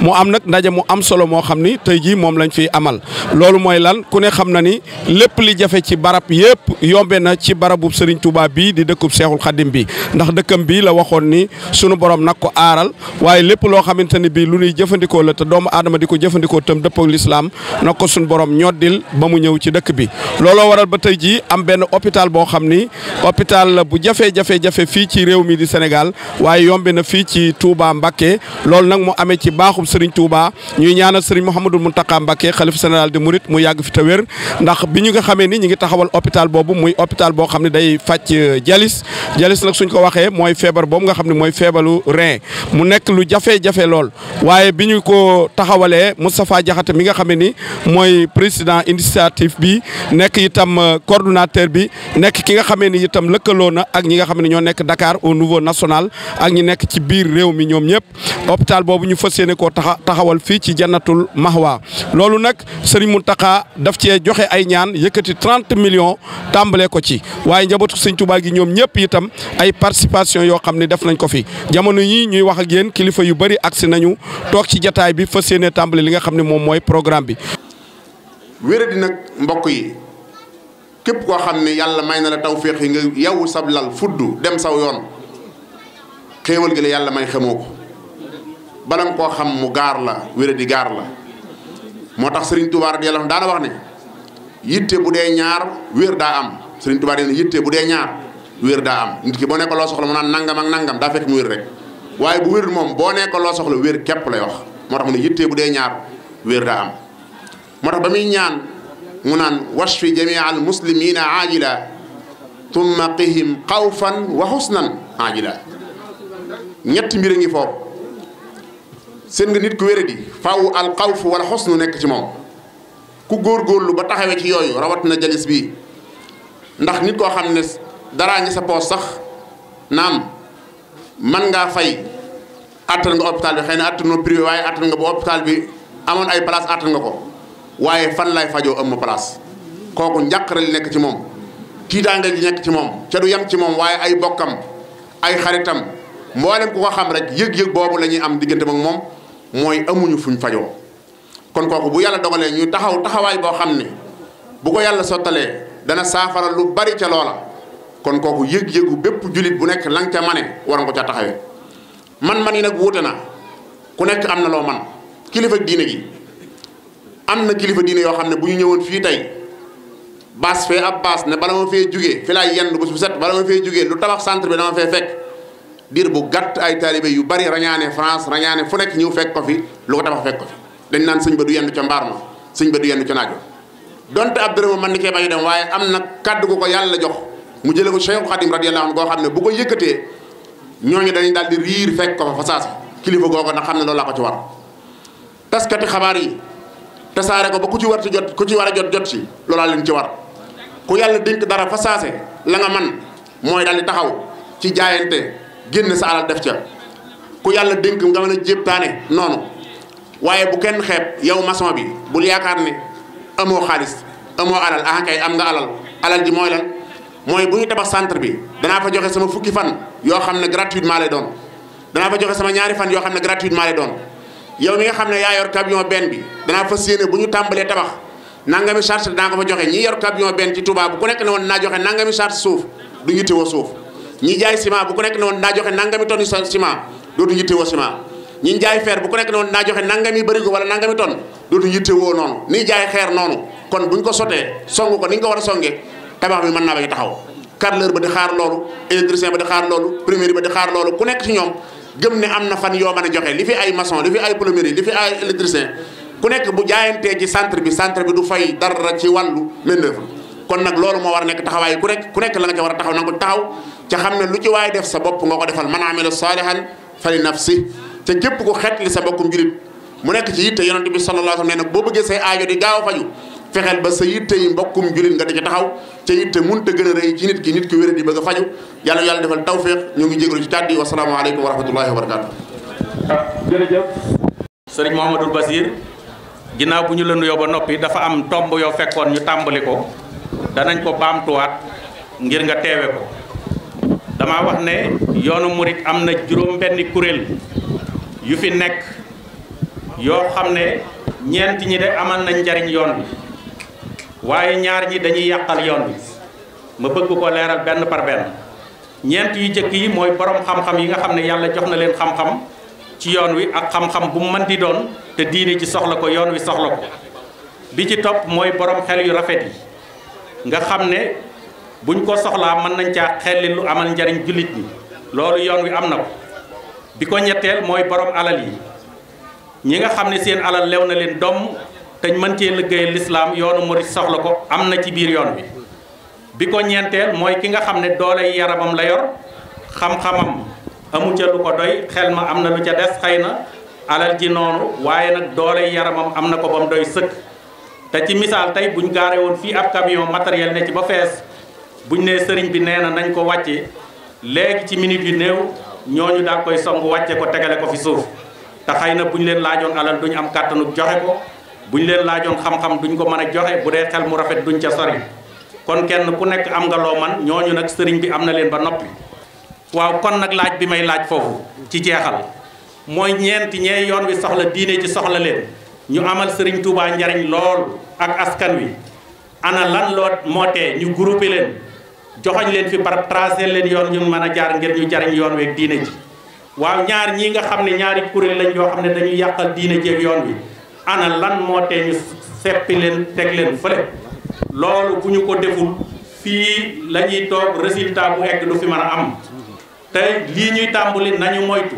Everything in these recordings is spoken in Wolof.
mu am nag ndaje mu am solo moo xam ni tey jii moom lañ fiy amal loolu mooy lan ku ne xam na ni lépp li jafe ci barab yëpp yombe na ci barabu Serigne Touba bii di dëkkub Seexul Xadim bi ndax dëkkam bii la waxoon ni sunu borom nag ko aaral waaye lépp loo xamante ni bii lu nuy jëfandikoo la te doomu adama di ko jëfandikoo tam dëppoo ak lislaam nag ko sunu borom ñoddil ba mu ñëw ci dëkk bi. looloo waral ba tey jii am benn hôpital boo xam ni hôpital la bu jafe-jafe-jafe fii ci réew mi di Sénégal waaye yombe na fii ci Touba Mbacké loolu nag mu amee ci baaxub Serigne Touba ñuy ñaanal Serigne Mouhamadou Mountakha Mbacké xalif général de Mouride mu yàgg fi te wér ndax bi ñu nga xamee ni ñu ngi taxawal hôpital boobu muy hôpital boo xam ne day fàcc jalis jalis nag suñ ko waxee mooy feebar boobu nga xam ne mooy feebaru rein mu nekk lu jafe-jafe lool waaye bi ñu ko taxawalee Moustapha Diakhaté mi nga xamee ni mooy président initiative bi nekk itam euh, coordonnateur bi nekk ki nga xamee ni itam lëkkaloo na ak ñi nga xam ne ñoo nekk Dakar au niveau national ak ñu nekk ci biir réew mi ñoom ñëpp hôpital boobu ñu fas yéene ko taxawal fii ci janatul mahwa loolu nag mu Mountakha daf cee joxe ay ñaan yëkkati 30 million tàmbale ko ci waaye njabootu Serigne Touba gi ñoom ñëpp itam ay participation yoo xam ne def nañ ko fi jamono yi ñuy wax ak yéen kilifa yu bëri agsi nañu toog ci jataay bi fas yéene tàmbale li nga xam ne moom mooy programme bi. wéradi nag mbokk yi képp koo xam ne yàlla may na la tawféex yi nga sab sablal fuddu dem saw yoon xéewal gi la yàlla may xamoo bala koo xam mu gaar la wéra di gaar la moo tax Serigne Touba radiyallahu anhu daana wax ne yitte bu dee ñaar wér daa am Serigne Touba dina yitte bu dee ñaar wér daa am nit ki boo nekk soxla mu naan nangam ak nangam daa mu wér rek bu wérul moom boo nekk soxla wér képp lay wax moo tax mu ne yitte bu dee ñaar wér daa am moo tax ba muy ñaan mu naan washfi jamia al muslimina ajila tumma qihim xawfan wa xusnan ajila ñetti mbir a ngi foofu seen nga nit ku wéradi faaw alxawf xos xosnu nekk ci moom ku góor góorlu ba taxawee ci yooyu rawat na jalis bii ndax nit koo xam ne daraa ngi sa poos sax naam man ngaa fay attan nga hôpital bi xay na attanoo privé waaye attan nga ba bi amoon ay place attan nga ko waaye fan lay fajoo am ma place kooku njàqare li nekk ci moom tiitaange li nekk ci moom ca du yem ci moom waaye ay bokkam ay xaritam mboolem ku ko xam rek yëg-yëg boobu la ñuy am diggante ak moom mooy amuñu fu ñu fajoo kon kooku bu yàlla dogalee ñu taxaw taxawaay boo xam ne bu ko yàlla sottalee dana saafara lu bari ca loola kon kooku yëg-yëgu bépp jullit bu nekk la nga ca mane war ko ca taxawee man-man yi nag wuute na ku nekk am na loo man kilifa diine gi am na kilifa diine yoo xam ne bu ñu ñëwoon fii tey baas fee ab baas ne bala ma fee jugee fi laay yendu bés bu set bala ma fee jugee lu tabax centre bi dama fee fekk diir bu gàtt ay taalibe yu bari rañaane France rañaane fu nekk ñëw fekk ko fi lu ko tabax fekk ko fi dañ naan sëñ ba du yendu ca mbaar sëñ ba du yendu ca naaj donte ab dërëm mën na cee bañ dem waaye am na kaddu gu ko yàlla jox mu jële ko Cheikh Khadim radiyallahu anhu koo xam ne bu ko yëkkatee ñooñu dañuy daal di riir fekk ko fa fasaas kilifa googu nag xam ne loolu laa ko ci war taskati xabaar yi tasaare ko ba ku ci war ci jot ku ci war a jot jot ci loolaa leen ci war ku yàlla dénk dara fasaase la man mooy daal taxaw ci jaayante génn sa alal def ca ku yàlla dénk nga mën a jéptaane noonu waaye bu kenn xeeb yow maçon bi bul yaakaar ne amoo xaalis amoo alal ah kay am nga alal alal ji mooy lan mooy bu ñu tabax centre bi danaa fa joxe sama fukki fan yoo xam ne gratuitement lay doon danaa fa joxe sama ñaari fan yoo xam ne gratuitement lay doon yow mi nga xam ne yaa yor camion benn bi danaa fa séene bu ñu tàmbalee tabax nangami charge danaa ko fa joxe ñi yor camion benn ci Touba ku nekk ne woon naa joxe nangami charge suuf du ñu téwoo suuf ñi jaay ciment bu ku nekk ne woon naa joxe nangami tonne sa ciment dootu yittewoo ciment ñi jaay fer bu ku naa joxe nangami barigo wala nangami tonne dootu noonu ni jaay xeer noonu kon buñ ko sotee song ko ni ñu ko war a songee tabax bi mën naa taxaw carreleur ba di xaar loolu électricien ba di xaar loolu plombier ba di xaar loolu ku nekk ci ñoom gëm ne am na fan yoo mën a joxe li fi ay maçon li fi ay plombier li fi ay électricien ku nekk bu jaayantee ci centre bi centre bi du fay dara ci wàllu main d'œuvre kon nag loolu moo war a nekk taxawaay ku nekk ku nekk la war a taxaw na nga ko ca xam ne lu ci waaye def sa bopp nga ko defal man amila saalihan fali nafsi te képp ku xetli sa bokkum julit mu nekk ci yitte yonent bi sallallahu alayhi wa nee na boo bëggee say aajo di gaaw a faju fexeel ba sa yitte yi mbokkum julit nga di ci taxaw te yitte mënut a gën a rëy ci nit ki nit ki wér di bëgg a faju yàlla yàlla defal tawféex ñu ngi jégalu ci kàddu yi wasalaamaaleykum wa rahmatullahi wa barakaatu. jërëjëf. sëriñ Mouhamadou Basir ginnaaw bu ñu la nuyoo ba noppi dafa am tomb yoo fekkoon ñu tàmbali ko danañ ko baamtuwaat ngir nga teewe dama wax ne yoonu murit am na juróom-benni kuréel yu fi nekk yoo xam ne ñeent ñi de amal nañ njariñ yoon bi waaye ñaar ñi dañuy yàqal yoon bi ma bëgg ko leeral benn par benn ñeent yu jëkk yi mooy borom xam-xam yi nga xam ne yàlla jox na leen xam-xam ci yoon wi ak xam-xam bu mu mën di doon te diine ci soxla ko yoon wi soxla ko bi ci topp mooy borom xel yu rafet yi nga xam ne buñ ko soxlaa mën nañ caa xelli lu amal njariñ jullit ñi loolu yoon wi am na ko bi ko ñetteel mooy borom alal yi ñi nga xam ne seen alal lew na leen doom te mën cee liggéeyal lislaam yoonu murit soxla ko am na ci biir yoon bi bi ko ñeenteel mooy ki nga xam ne doole yaramam la yor xam-xamam amu ca lu ko doy xel ma am na lu ca des xëy na alal ji noonu waaye nag doole yaramam am na ko ba mu doy sëkk te ci misaal tey buñ gaare woon fii ab camion matériel ne ci ba fees bu ñu nee sëriñ bi nee na nañ ko wàcce léegi ci minute yi néew ñooñu daa koy song wàcce ko tegale ko fi suuf te xëy na bu ñu leen laajoon alal duñ am kàttanu joxe ko bu ñu leen laajoon xam-xam duñ ko mën a joxe bu dee xel mu rafet duñ ca sori kon kenn ku nekk am nga loo man ñooñu nag sëriñ bi am na leen ba noppi waaw kon nag laaj bi may laaj foofu ci jeexal mooy ñeenti ñee yoon wi soxla diine ci soxla leen ñu amal sëriñ Touba njariñ lool ak askan wi ana lan loo moo tee ñu leen joxoñ leen fi barab tracé leen yoon ñu mën a jaar ngir ñu jariñ yoon weeg diine ji waaw ñaar ñii nga xam ne ñaari kuréel lañ yoo xam ne dañuy yàqal diine ji yoon wi ana lan moo te ñu seppi leen teg leen fële loolu bu ñu ko deful fii lañuy ñuy toog résultat bu egg du fi mën a am te lii ñuy tàmbali nañu moytu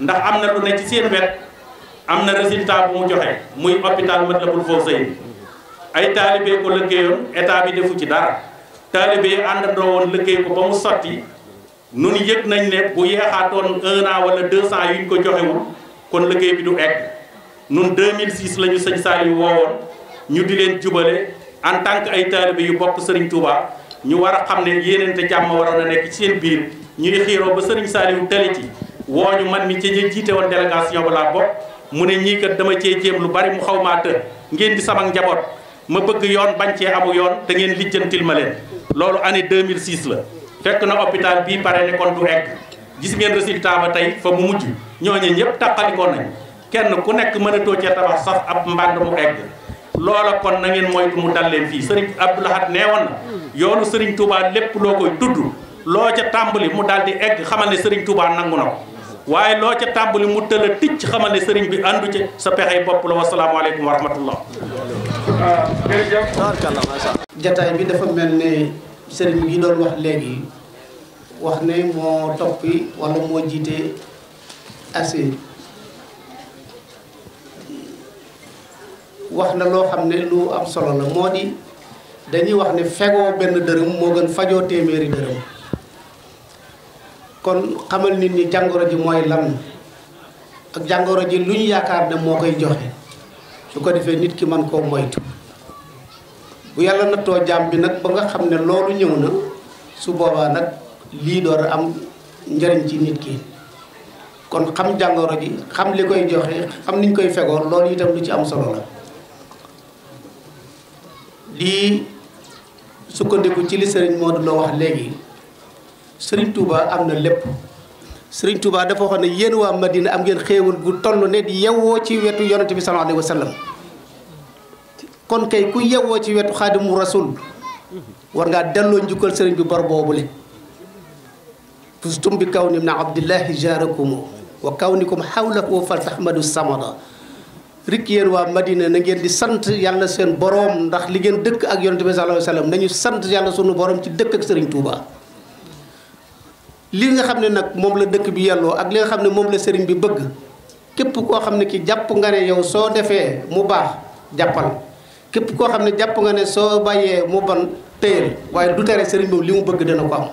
ndax am na lu ne ci seen wet am na résultat bu mu joxe muy hôpital Matlaboul Fawzayni ay taalibe ko liggéeyoon état bi defu ci dara taalibe yi àndandoo woon liggéey ko ba mu sotti nun yëg nañ ne bu yeexaatoon un an wala deux cent yuñ ko joxewul kon liggéey bi du egg nun 2006 la ñu sëñ Saliou woowoon ñu di leen jubale en tant que ay taalibe yu bokk sëriñ Touba ñu war a xam ne yéeneente jàmm waroon a nekk ci seen biir ñuy xiiroo ba Serigne Saliou tali ci woo ñu man mi ci ñu jiite woon délégation ba laa bokk mu ne ñii kat dama cee jéem lu bari mu xaw maa të ngeen di sama njaboot ma bëgg yoon bañ cee amu yoon te ngeen lijjantil ma leen. loolu année 2006 la fekk na hôpital bii pare ne kon du egg gis ngeen résultat ba tey fa mu mujj ñooñu ñëpp taqalikoo nañ kenn ku nekk mënatoo cee tabax sax ab mbànd mu egg loola kon na ngeen moytu mu dal fii Serigne Abdou Lahad nee woon na yoonu Serigne Touba lépp loo koy tudd loo ca tàmbali mu daal di egg xamal ne Serigne Touba nangu na ko waaye loo ca tàmbali mu tëla ticc xamal ne Serigne bi àndu ci sa pexey bopp la wasalaamualeykum wa rahmatullah jataay bi dafa mel ne sëriñ bi doon wax léegi wax ne moo toppi wala moo jiite assises wax na loo xam ne lu am solo la moo di dañuy wax ne fegoo benn dërëm moo gën fajoo téeméeri dërëm kon xamal nit ñi jàngoro ji mooy lan ak jàngoro ji lu ñu yaakaar ne moo koy joxe. su ko defee nit ki man koo moytu bu yàlla nattoo jaam bi nag ba nga xam ne loolu ñëw na su boobaa nag lii door am njëriñ ci nit ki kon xam jàngoro ji xam li koy joxe xam niñ koy fegoor loolu itam lu ci am solo la lii sukkandiku ci li sëriñ Modou la wax léegi sëriñ Touba am na lépp sëriñ Touba dafa waxoon ne yéen waa Madina am ngeen xéewal gu toll ne di yewwoo ci wetu yonante bi sallallahu alayhi wa sallam kon kay ku yewwoo ci wetu xaadimu rasul war ngaa delloo njukkal sëriñ bi boobu le fustum bi kaw ni na abdillahi jaarakum wa kaw ni kum xawlahu fal tahmadu samada rik yéen waa Madina na ngeen di sant yàlla seen boroom ndax li ngeen dëkk ak yonante bi sallallahu alayhi wa nañu sant yàlla sunu boroom ci dëkk ak sëriñ Touba lii nga xam ne nag moom la dëkk bi yàlloo ak li nga xam ne moom la sëriñ bi bëgg képp koo xam ne kii jàpp nga ne yow soo defee mu baax jàppal képp koo xam ne jàpp nga ne soo bàyyee mu bon téyel waaye du tere sëriñ boobu li mu bëgg dana ko am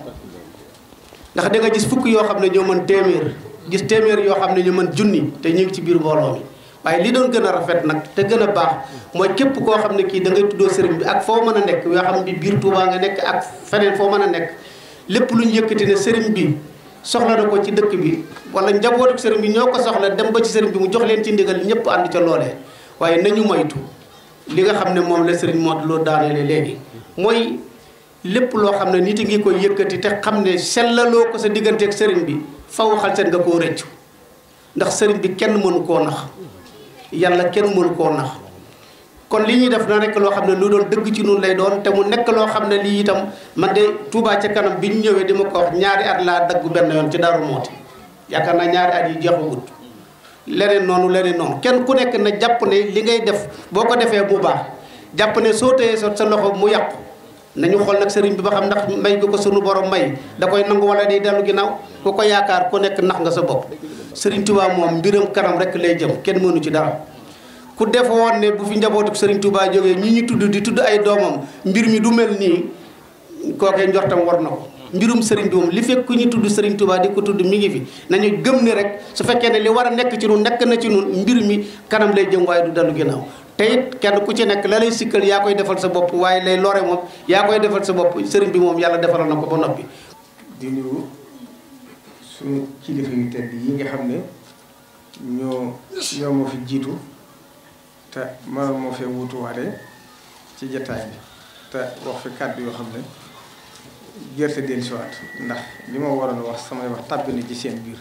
ndax da nga gis fukk yoo xam ne ñoo man téeméer gis téeméer yoo xam ne ñu mën junni te ñu ngi ci biir mbooloo mi waaye li doon gën a rafet nag te gën a baax mooy képp koo xam ne kii da ngay tuddoo sëriñ bi ak foo mën a nekk yoo xam ne biir Tuubaa nga nekk ak feneen foo mën a nekk lépp lu ñu yëkkati ne sëriñ bi soxla na ko ci dëkk bi wala njabootu sëriñ bi ñoo ko soxla dem ba ci sëriñ bi mu jox leen ci ndigal ñëpp ànd ca loolee waaye nañu moytu li nga xam ne moom la sëriñ Modou Lo daaneele léegi mooy lépp loo xam ne nit a ngi koy yëkkati te xam ne sellaloo ko sa digganteeg sëriñ bi faw xal seen nga koo rëccu ndax sëriñ bi kenn mënu koo nax yàlla kenn mënu koo nax kon li ñuy def na nekk loo xam ne lu doon dëgg ci nun lay doon te mu nekk loo xam ne lii itam man de Touba ca kanam bi ñu ñëwee di ma ko ñaari at laa daggu benn yoon ci dara Mouhty yaakaar naa ñaari at yi jeexagut leneen noonu leneen noonu kenn ku nekk na jàpp ne li ngay def boo ko defee bu baax jàpp ne soo téyee sa loxo mu yàqu nañu xool nag sëriñ bi ba xam ndax may bi ko sunu borom may da koy nangu wala di dellu ginnaaw ku ko yaakaar ku nekk nax nga sa bopp sëriñ Touba moom mbiram kanam rek lay jëm kenn mënu ci dara ku def woon ne bu fi njabootu sëriñ Touba jóge ñi ñu tudd di tudd ay doomam mbir mi du mel nii kookee njortam war na ko. mbirum Serigne bi moom li fekk ku ñu tudd Serigne Touba di ko tudd mi ngi fi nañu gëm ni rek su fekkee ne li war a nekk ci nun nekk na ci nun mbir mi kanam lay jëm waaye du dalu ginnaaw. te it kenn ku ci nekk la lay sikkal yaa koy defal sa bopp waaye lay lore moom yaa koy defal sa bopp Serigne bi moom yàlla defalal na ko ba noppi. di nga xam ne ñoo te mënoon moo fee wutuwaatee ci jotaay bi te wax fi kàddu yoo xam ne gerte dellusiwaat ndax li ma waroon wax samay wax tàbbi na ci seen biir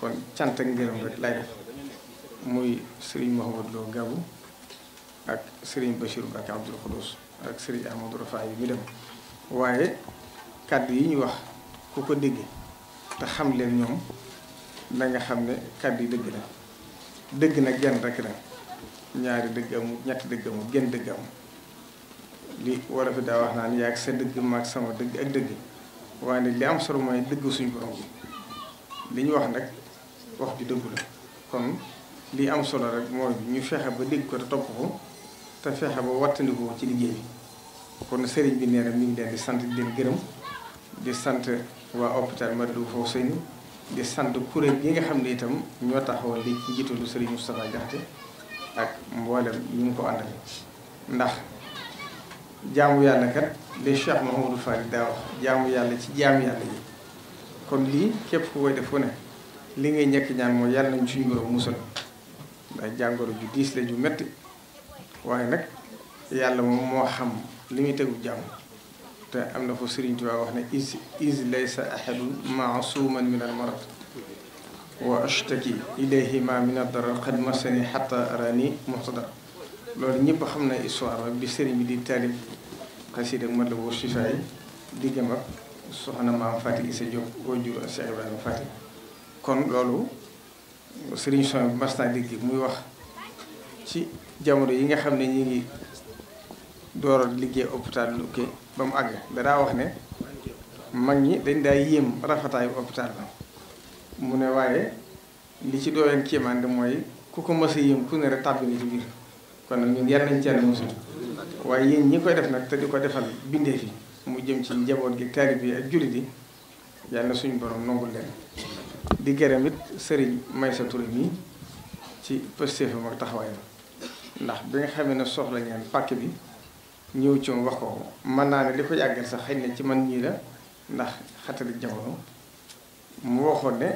kon cant ak ngërëm rek lay muy Serigne Mouhamadou Lo Gabou ak Serigne Bachir Mbacké Abdoul Khoudous ak Serigne Amadou Rafa yi mu dem waaye kàddu yi ñu wax ku ko dégg te xam leen ñoom da nga xam ne kàddu yi dëgg la dëgg nag genn rek la. ñaari dëgg amul ñett dëgg amul genn dëgg amul li war a fi daa wax naan yaag sa dëgg maag sama dëgg ak dëgg waaye nag li am solo mooy dëgg suñu borom bi li ñu wax nag wax ju dëgg la kon li am solo rek mooy ñu fexe ba dégg ko te topp ko te fexe ba wattandiku ci liggéey bi kon sëriñ bi nee na mi ngi leen di sant di leen gërëm di sant waa hôpital Matlaboul Fawzayni di sant kuréel gi nga xam ne itam ñoo taxawal li ci lu sëriñ Moustapha Diakhaté ak mboolem ñu ngi ko àndal ndax jaamu yàlla kat li Cheikh Mahamadou Fari daa wax jaamu yàlla ci jaamu yàlla yi kon lii képp ku koy def fu ne li ngay ñekk ñaan mooy yàlla nañ suñu borom musal ndax jàngoro ju diis la metti waaye nag yàlla moom moo xam li muy tegu jàmm te am na fa Sëriñ Tuubaa wax ne is is ma ahadun maasuman min al marad wa ashtaki ilayhi ma min ad-darar qad massani hatta arani muhtadar loolu ñëpp xam na histoire bi sëriñ bi di taalib xasida ma la woo sifaay diggam ak soxna maam Fatick Issa Diop woo jur ak Cheikh Ibrahima Fatick kon loolu sëriñ son bi muy wax ci jamono yi nga xam ne ñi ngi door liggéey hôpital Lukke ba mu àgg danaa wax ne mag ñi dañ daa yéem rafetaayu hôpital la mu ne waaye li ci dooleen kéemaande mooy ku ko mës a yëm ku ne rek tàbbi na ci biir kon nag ñun yar nañ ceen mosul waaye yéen ñi koy def nag te di ko defal bindee fi mu jëm ci njaboot gi taalibe bi ak jullit yi yàlla na suñu borom nongul leen di gërëm it sëriñ Maysa Touré mi ci pëstéefam ak taxawaayam ndax bi nga xamee ne soxla ngeen pàkk bi ñëw ci wax ko mën naa ne li ko yàggal sax xëy na ci man ñii la ndax xatali jamono mu waxoon ne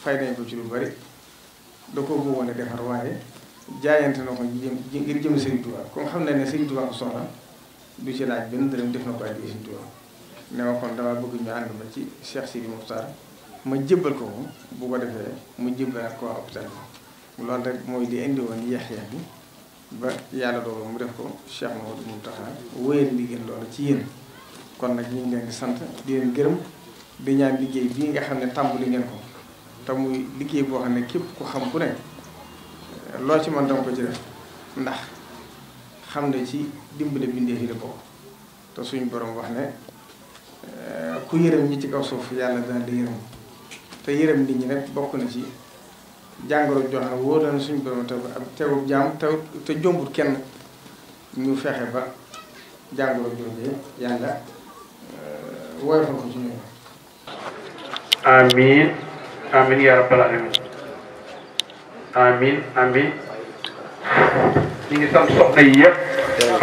fay nañ ko ci lu bari da koo bëggoon a defar waaye jaayante na ko jëm ngir jëm Serigne Touba comme xam na ne Serigne Touba ko soxla du ci laaj benn def na ko addi Serigne Touba ne ma kon dama bëgg ñu ànd ba ci Cheikh Sidi Mokhtar ma jébbal ko ko bu ko defee mu jébbal ko waa hôpital bi loolu rek mooy li indi woon yeex-yeex bi ba yàlla dogal mu def ko Cheikh Mawadou Mountakha wéyal liggéey loolu ci yéen kon nag ñu ngi leen sant di leen gërëm. di ñaan liggéey bii nga xam ne tàmbali ngeen ko te muy liggéey boo xam ne képp ku xam ku ne loo ci man dama ko ci ndax xam ne ci dimbale bindee yi la bokk te suñu borom wax ne eh, ku yërëm ñi ci kaw suuf yàlla daal di yërëm te yërëm nit ñi nag bokk na ci jàngoro joo xam wóor na suñu borom te tegu jaam te te jombul kenn ñu fexe ba jàngoro jooju yàlla eh, woyofal ko ci ñoom. amin amin ya rabbal alamin amin amin ñu ngi sant soxna yi yëpp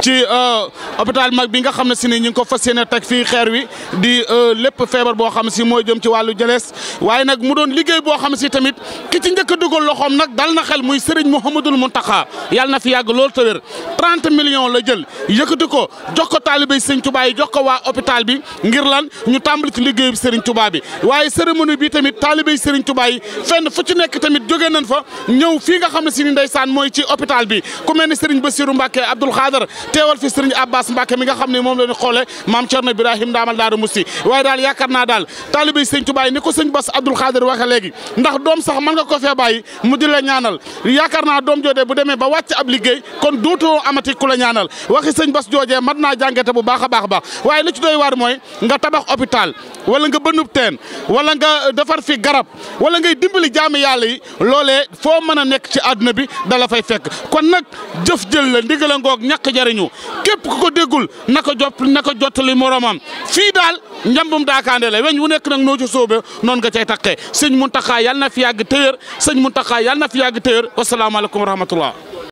ci euh, hôpital mag bi nga xam ne si ni ñu ngi ko fas yéene teg fii xeer wi di euh, lépp feebar boo xam si mooy jëm ci wàllu jëlees waaye nag mu doon liggéey boo xam si tamit ki ci njëkk a dugal nag dal na xel muy Serigne Mouhamadul Mountakha yàlla na fi yàgg lool te wér 30 millions la jël yëkkati ko jox ko taalibéy Serigne Touba yi jox ko waa hôpital bi ngir lan ñu tàmbali ci liggéeyu Serigne Touba bi waaye cérémonie bi tamit taalibéy Serigne Touba yi fenn fu ci nekk tamit jóge nañ fa ñëw fii nga xam ne si ni saan mooy ci hôpital bi ku mel ni Serigne Bassirou Mbacké Abdoul Khadar teewal fi Serigne Abbas Mbacke mi nga xam ne moom la ñu xoolee maam Thierno Ibrahim daamal Daaru Musti waaye daal yaakaar naa daal taalibé Serigne Touba ni ko Serigne Bass Abdoul Khadir waxe léegi ndax doom sax mën nga ko fee bàyyi mu di ñaanal yaakaar naa doom joodee bu demee ba wàcc ab liggéey kon dootoo amati ku la ñaanal waxi Serigne Bass joojee man naa jàngate bu baax a baax a baax waaye li ci doy waar mooy nga tabax hôpital wala nga bënub teen wala nga defar fi garab wala ngay dimbali jaami yàlla yi loolee foo mën a nekk ci àdduna bi dala fay fekk kon nag jëf jël la ndigal a ngoog ñàkk jariñ nañu képp ku ko déggul naka ko jot na moroomam jottali fii daal njambum daakaande la weñ wu nekk nag noo ci sóobe noonu nga cay taqee sëñ Muntaxa yàlla na fi yàgg téyër sëñ Muntaxa yàlla na fi yàgg téyër wasalaamaaleykum wa